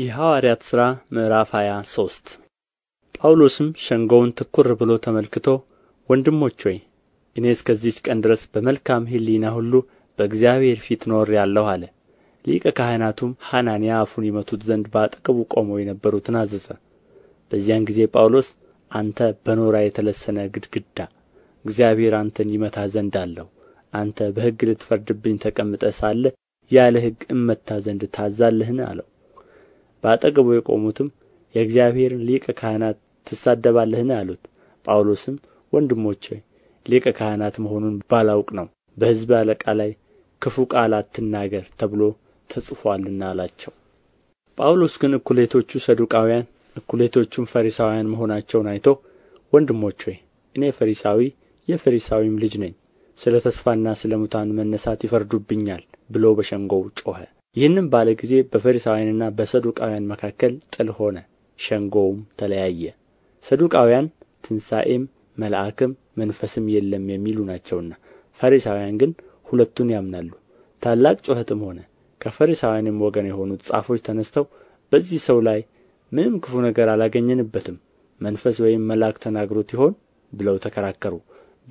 የሐዋርያት ሥራ ምዕራፍ ሃያ ሶስት ጳውሎስም ሸንጎውን ትኵር ብሎ ተመልክቶ ወንድሞች ሆይ እኔ እስከዚች ቀን ድረስ በመልካም ሕሊና ሁሉ በእግዚአብሔር ፊት ያለሁ አለ። ሊቀ ካህናቱም ሐናንያ አፉን ይመቱት ዘንድ በአጠገቡ ቆመው የነበሩትን አዘዘ። በዚያን ጊዜ ጳውሎስ አንተ በኖራ የተለሰነ ግድግዳ፣ እግዚአብሔር አንተን ይመታ ዘንድ አለው። አንተ በሕግ ልትፈርድብኝ ተቀምጠ ሳለ ያለ ሕግ እመታ ዘንድ ታዛለህን? አለው። በአጠገቡ የቆሙትም የእግዚአብሔርን ሊቀ ካህናት ትሳደባለህን አሉት ጳውሎስም ወንድሞች ሆይ ሊቀ ካህናት መሆኑን ባላውቅ ነው በሕዝብ አለቃ ላይ ክፉ ቃል አትናገር ተብሎ ተጽፏልና አላቸው ጳውሎስ ግን እኩሌቶቹ ሰዱቃውያን እኩሌቶቹም ፈሪሳውያን መሆናቸውን አይቶ ወንድሞች ሆይ እኔ ፈሪሳዊ የፈሪሳዊም ልጅ ነኝ ስለ ተስፋና ስለ ሙታን መነሳት ይፈርዱብኛል ብሎ በሸንጎው ጮኸ ይህንም ባለ ጊዜ በፈሪሳውያንና በሰዱቃውያን መካከል ጥል ሆነ ሸንጎውም ተለያየ ሰዱቃውያን ትንሣኤም መልአክም መንፈስም የለም የሚሉ ናቸውና ፈሪሳውያን ግን ሁለቱን ያምናሉ ታላቅ ጩኸትም ሆነ ከፈሪሳውያንም ወገን የሆኑት ጻፎች ተነሥተው በዚህ ሰው ላይ ምንም ክፉ ነገር አላገኘንበትም መንፈስ ወይም መልአክ ተናግሮት ይሆን ብለው ተከራከሩ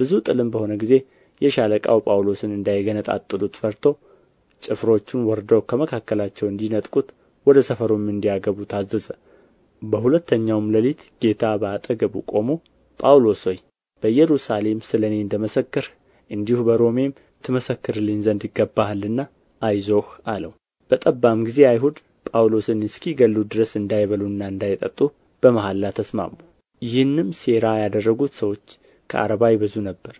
ብዙ ጥልም በሆነ ጊዜ የሻለቃው ጳውሎስን እንዳይገነጣጥሉት ፈርቶ ጭፍሮቹን ወርደው ከመካከላቸው እንዲነጥቁት ወደ ሰፈሩም እንዲያገቡ ታዘዘ በሁለተኛውም ሌሊት ጌታ በአጠገቡ ቆሞ ጳውሎስ ሆይ በኢየሩሳሌም ስለ እኔ እንደ መሰከርህ እንዲሁ በሮሜም ትመሰክርልኝ ዘንድ ይገባሃልና አይዞህ አለው። በጠባም ጊዜ አይሁድ ጳውሎስን እስኪገሉ ድረስ እንዳይበሉና እንዳይጠጡ በመሐላ ተስማሙ። ይህንም ሴራ ያደረጉት ሰዎች ከአረባ ይበዙ ነበር።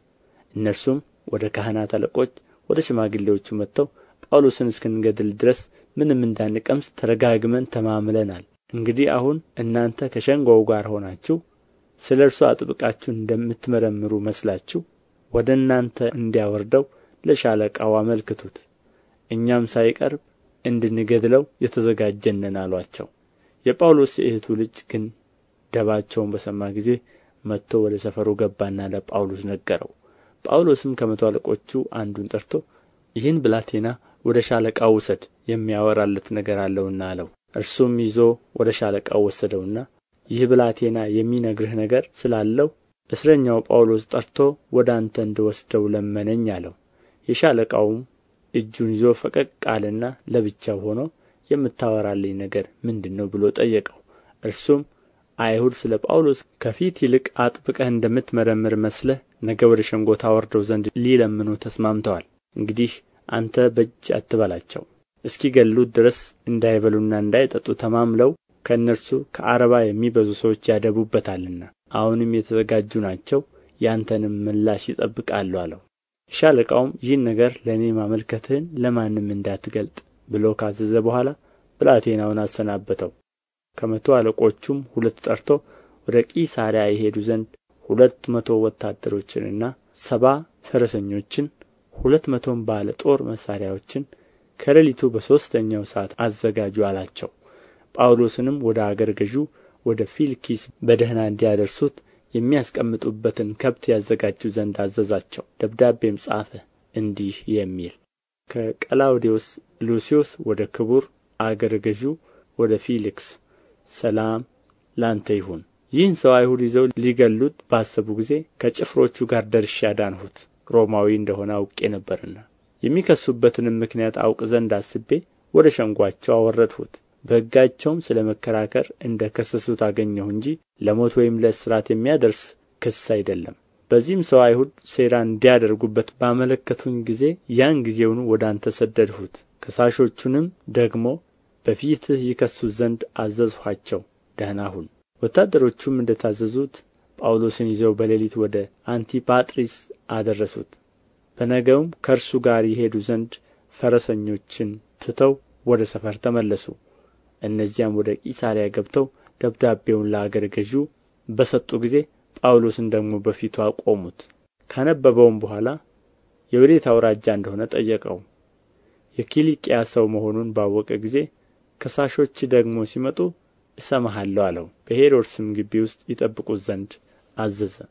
እነርሱም ወደ ካህናት አለቆች ወደ ሽማግሌዎቹ መጥተው ጳውሎስን እስክንገድል ድረስ ምንም እንዳንቀምስ ተረጋግመን ተማምለናል እንግዲህ አሁን እናንተ ከሸንጎው ጋር ሆናችሁ ስለ እርሱ አጥብቃችሁ እንደምትመረምሩ መስላችሁ ወደ እናንተ እንዲያወርደው ለሻለቃው አመልክቱት እኛም ሳይቀርብ እንድንገድለው የተዘጋጀንን አሏቸው የጳውሎስ የእህቱ ልጅ ግን ደባቸውን በሰማ ጊዜ መጥቶ ወደ ሰፈሩ ገባና ለጳውሎስ ነገረው ጳውሎስም ከመቶ አለቆቹ አንዱን ጠርቶ ይህን ብላቴና ወደ ሻለቃው ውሰድ የሚያወራለት ነገር አለውና አለው እርሱም ይዞ ወደ ሻለቃው ወሰደውና ይህ ብላቴና የሚነግርህ ነገር ስላለው እስረኛው ጳውሎስ ጠርቶ ወደ አንተ እንድወስደው ለመነኝ አለው የሻለቃውም እጁን ይዞ ፈቀቅ አለና ለብቻው ሆኖ የምታወራልኝ ነገር ምንድን ነው ብሎ ጠየቀው እርሱም አይሁድ ስለ ጳውሎስ ከፊት ይልቅ አጥብቀህ እንደምትመረምር መስለህ ነገ ወደ ሸንጎ ታወርደው ዘንድ ሊለምኑ ተስማምተዋል እንግዲህ አንተ በጅ አትበላቸው እስኪገሉት ድረስ እንዳይበሉና እንዳይጠጡ ተማምለው ከእነርሱ ከአርባ የሚበዙ ሰዎች ያደቡበታልና አሁንም የተዘጋጁ ናቸው ያንተንም ምላሽ ይጠብቃሉ አለው። ሻለቃውም ይህን ነገር ለእኔ ማመልከትህን ለማንም እንዳትገልጥ ብሎ ካዘዘ በኋላ ብላቴናውን አሰናበተው። ከመቶ አለቆቹም ሁለት ጠርቶ ወደ ቂሳርያ የሄዱ ዘንድ ሁለት መቶ ወታደሮችንና ሰባ ፈረሰኞችን ሁለት መቶም ባለ ጦር መሣሪያዎችን ከሌሊቱ በሦስተኛው ሰዓት አዘጋጁ አላቸው ጳውሎስንም ወደ አገር ገዡ ወደ ፊልኪስ በደህና እንዲያደርሱት የሚያስቀምጡበትን ከብት ያዘጋጁ ዘንድ አዘዛቸው ደብዳቤም ጻፈ እንዲህ የሚል ከቀላውዴዎስ ሉሲዮስ ወደ ክቡር አገር ገዡ ወደ ፊልክስ ሰላም ላንተ ይሁን ይህን ሰው አይሁድ ይዘው ሊገሉት ባሰቡ ጊዜ ከጭፍሮቹ ጋር ደርሼ አዳንሁት ሮማዊ እንደሆነ አውቄ ነበርና የሚከሱበትንም ምክንያት አውቅ ዘንድ አስቤ ወደ ሸንጓቸው አወረድሁት በሕጋቸውም ስለ መከራከር እንደ ከሰሱት አገኘሁ እንጂ ለሞት ወይም ለእስራት የሚያደርስ ክስ አይደለም በዚህም ሰው አይሁድ ሴራ እንዲያደርጉበት ባመለከቱኝ ጊዜ ያን ጊዜውን ወደ አንተ ሰደድሁት ከሳሾቹንም ደግሞ በፊትህ ይከሱት ዘንድ አዘዝኋቸው ደህና ሁን ወታደሮቹም እንደ ታዘዙት ጳውሎስን ይዘው በሌሊት ወደ አንቲጳጥሪስ አደረሱት በነገውም ከእርሱ ጋር ይሄዱ ዘንድ ፈረሰኞችን ትተው ወደ ሰፈር ተመለሱ እነዚያም ወደ ቂሳሪያ ገብተው ደብዳቤውን ለአገር ገዢ በሰጡ ጊዜ ጳውሎስን ደግሞ በፊቱ አቆሙት ካነበበውም በኋላ የወዴት አውራጃ እንደሆነ ጠየቀው የኪልቅያ ሰው መሆኑን ባወቀ ጊዜ ከሳሾች ደግሞ ሲመጡ እሰማሃለሁ አለው በሄሮድስም ግቢ ውስጥ ይጠብቁት ዘንድ አዘዘ